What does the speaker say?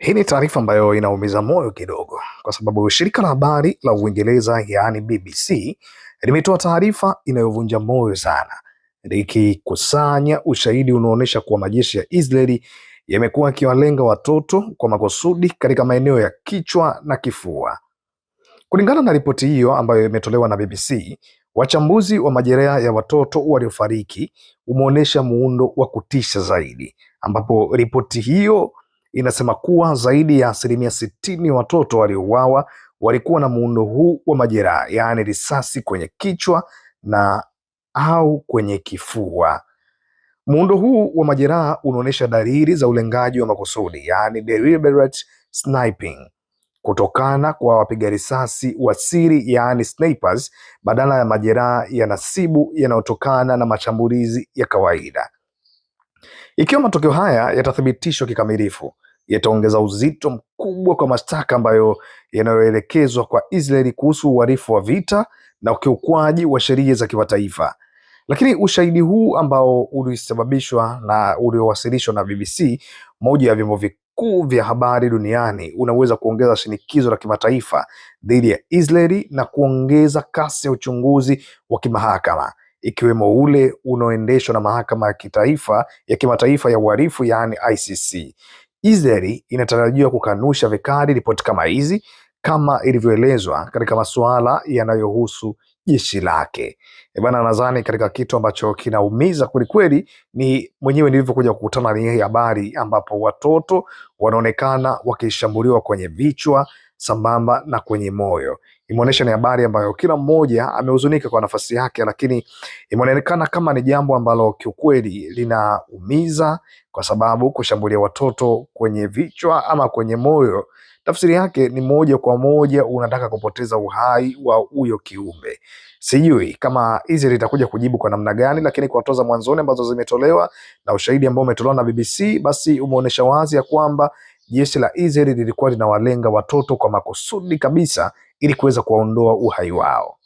Hii ni taarifa ambayo inaumiza moyo kidogo, kwa sababu shirika la habari la Uingereza yaani BBC limetoa taarifa inayovunja moyo sana, likikusanya ushahidi unaoonyesha kuwa majeshi ya Israeli yamekuwa yakiwalenga watoto kwa makusudi katika maeneo ya kichwa na kifua. Kulingana na ripoti hiyo ambayo imetolewa na BBC, wachambuzi wa majeraha ya watoto waliofariki umeonyesha muundo wa kutisha zaidi, ambapo ripoti hiyo inasema kuwa zaidi ya asilimia sitini watoto waliouawa walikuwa na muundo huu wa majeraha, yaani risasi kwenye kichwa na au kwenye kifua. Muundo huu wa majeraha unaonyesha dalili za ulengaji wa makusudi, yaani deliberate sniping, kutokana kwa wapiga risasi wa siri, yaani snipers, badala ya majeraha ya nasibu yanayotokana na mashambulizi ya kawaida. Ikiwa matokeo haya yatathibitishwa kikamilifu, yataongeza uzito mkubwa kwa mashtaka ambayo yanayoelekezwa kwa Israeli kuhusu uhalifu wa vita na ukiukwaji wa sheria za kimataifa. Lakini ushahidi huu ambao ulisababishwa na uliowasilishwa na BBC, moja ya vyombo vikuu vya habari duniani, unaweza kuongeza shinikizo la kimataifa dhidi ya Israeli na kuongeza kasi ya uchunguzi wa kimahakama ikiwemo ule unaoendeshwa na mahakama ya kitaifa ya kimataifa ya uhalifu yaani ICC. Israeli inatarajiwa kukanusha vikali ripoti kama hizi kama ilivyoelezwa katika masuala yanayohusu jeshi lake. E bana, nadhani katika kitu ambacho kinaumiza kwelikweli ni mwenyewe nilivyokuja kukutana na hii habari ambapo watoto wanaonekana wakishambuliwa kwenye vichwa sambamba na kwenye moyo. Imeonyesha ni habari ambayo kila mmoja amehuzunika kwa nafasi yake, lakini imeonekana kama ni jambo ambalo kiukweli linaumiza, kwa sababu kushambulia watoto kwenye vichwa ama kwenye moyo, tafsiri yake ni moja kwa moja unataka kupoteza uhai wa huyo kiumbe. Sijui kama hizi litakuja kujibu kwa namna gani, lakini kwa toza mwanzoni ambazo zimetolewa na ushahidi ambao umetolewa na BBC, basi umeonyesha wazi ya kwamba jeshi la Israeli lilikuwa linawalenga watoto kwa makusudi kabisa ili kuweza kuwaondoa uhai wao.